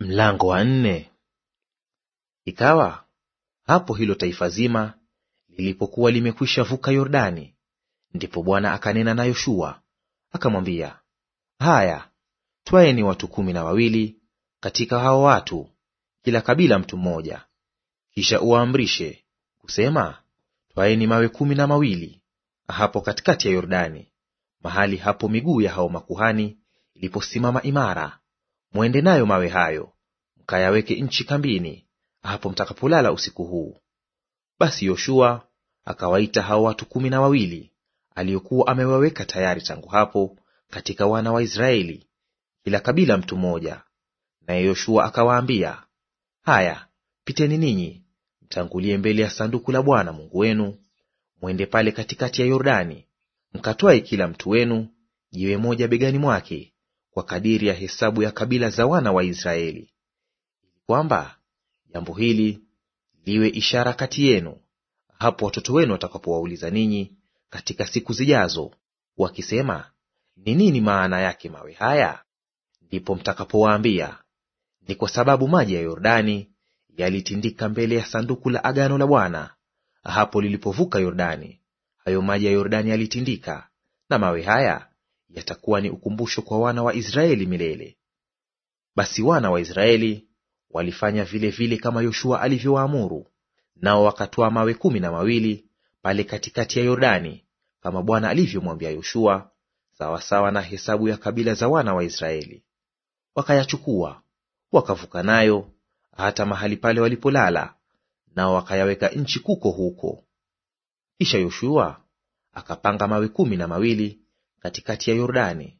Mlango wa nne. Ikawa hapo hilo taifa zima lilipokuwa limekwisha vuka Yordani, ndipo Bwana akanena na Yoshua akamwambia, haya, twaeni watu kumi na wawili katika hao watu, kila kabila mtu mmoja, kisha uwaamrishe kusema, twaeni mawe kumi na mawili hapo katikati ya Yordani, mahali hapo miguu ya hao makuhani iliposimama imara mwende nayo mawe hayo, mkayaweke nchi kambini, hapo mtakapolala usiku huu. Basi Yoshua akawaita hao watu kumi na wawili aliyokuwa amewaweka tayari tangu hapo katika wana wa Israeli, kila kabila mtu mmoja. Naye Yoshua akawaambia, haya, piteni ninyi mtangulie mbele ya sanduku la Bwana Mungu wenu, mwende pale katikati ya Yordani, mkatwaye kila mtu wenu jiwe moja begani mwake kwa kadiri ya hesabu ya kabila za wana wa Israeli, ili kwamba jambo hili liwe ishara kati yenu, hapo watoto wenu watakapowauliza ninyi katika siku zijazo, wakisema, ni nini maana yake mawe haya? Ndipo mtakapowaambia, ni kwa sababu maji ya Yordani yalitindika mbele ya sanduku la agano la Bwana hapo lilipovuka Yordani. Hayo maji ya Yordani yalitindika, na mawe haya yatakuwa ni ukumbusho kwa wana wa Israeli milele. Basi wana wa Israeli walifanya vile vile kama Yoshua alivyowaamuru, nao wakatoa mawe kumi na mawili pale katikati ya Yordani, kama Bwana alivyomwambia Yoshua, sawasawa na hesabu ya kabila za wana wa Israeli. Wakayachukua wakavuka nayo hata mahali pale walipolala, nao wakayaweka nchi kuko huko. Kisha Yoshua akapanga mawe kumi na mawili katikati ya Yordani,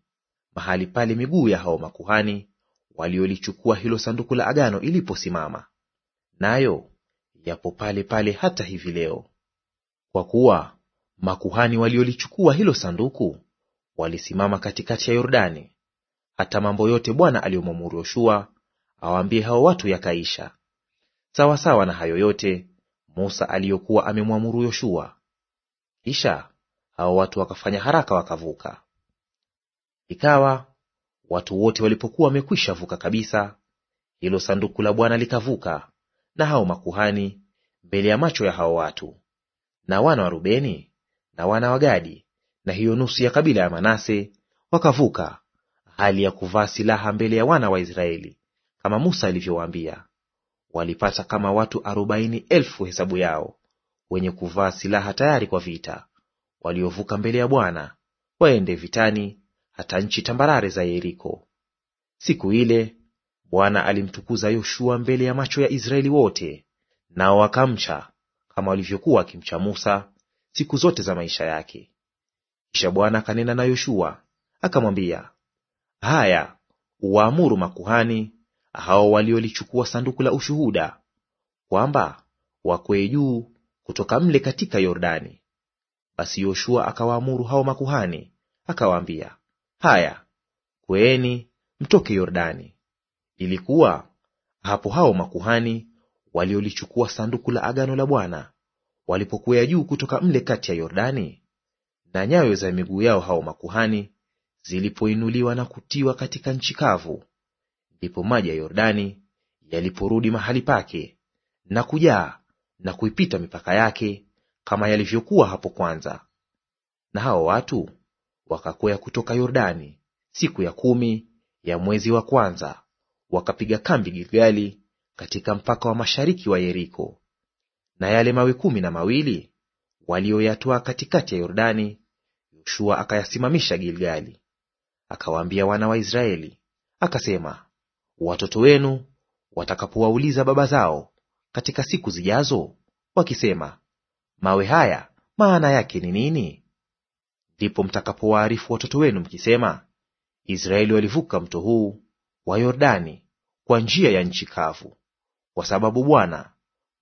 mahali pale miguu ya hao makuhani waliolichukua hilo sanduku la agano iliposimama, nayo yapo pale pale hata hivi leo. Kwa kuwa makuhani waliolichukua hilo sanduku walisimama katikati ya Yordani, hata mambo yote Bwana aliyomwamuru Yoshua awaambie hao watu yakaisha, sawasawa na hayo yote Musa aliyokuwa amemwamuru Yoshua. Kisha hao watu wakafanya haraka wakavuka. Ikawa watu wote walipokuwa wamekwisha vuka kabisa, hilo sanduku la Bwana likavuka na hao makuhani mbele ya macho ya hao watu. Na wana wa Rubeni na wana wa Gadi na hiyo nusu ya kabila ya Manase wakavuka, hali ya kuvaa silaha mbele ya wana wa Israeli, kama Musa alivyowaambia. Walipata kama watu arobaini elfu hesabu yao, wenye kuvaa silaha tayari kwa vita, waliovuka mbele ya Bwana waende vitani hata nchi tambarare za Yeriko. Siku ile Bwana alimtukuza Yoshua mbele ya macho ya Israeli wote, nao wakamcha kama walivyokuwa akimcha Musa siku zote za maisha yake. Kisha Bwana akanena na Yoshua akamwambia, haya, uwaamuru makuhani hao waliolichukua sanduku la ushuhuda kwamba wakwe juu kutoka mle katika Yordani. Basi Yoshua akawaamuru hao makuhani, akawaambia, Haya, kweeni mtoke Yordani. Ilikuwa hapo hao makuhani waliolichukua sanduku la agano la Bwana walipokwea juu kutoka mle kati ya Yordani, na nyayo za miguu yao hao makuhani zilipoinuliwa na kutiwa katika nchi kavu, ndipo maji ya Yordani yaliporudi mahali pake na kujaa na kuipita mipaka yake, kama yalivyokuwa hapo kwanza. Na hao watu wakakwea kutoka Yordani siku ya kumi ya mwezi wa kwanza, wakapiga kambi Gilgali katika mpaka wa mashariki wa Yeriko. Na yale mawe kumi na mawili walioyatoa katikati ya Yordani, Yoshua akayasimamisha Gilgali. Akawaambia wana wa Israeli akasema, watoto wenu watakapowauliza baba zao katika siku zijazo, wakisema, mawe haya maana yake ni nini? ndipo mtakapowaarifu watoto wenu mkisema, Israeli walivuka mto huu wa Yordani kwa njia ya nchi kavu, kwa sababu Bwana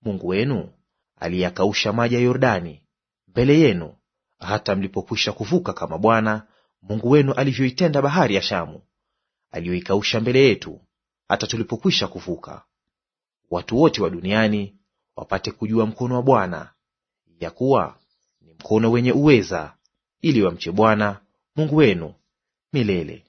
Mungu wenu aliyakausha maji ya Yordani mbele yenu, hata mlipokwisha kuvuka, kama Bwana Mungu wenu alivyoitenda bahari ya Shamu aliyoikausha mbele yetu, hata tulipokwisha kuvuka. Watu wote wa duniani wapate kujua mkono wa Bwana, ya kuwa ni mkono wenye uweza ili wamche Bwana Mungu wenu milele.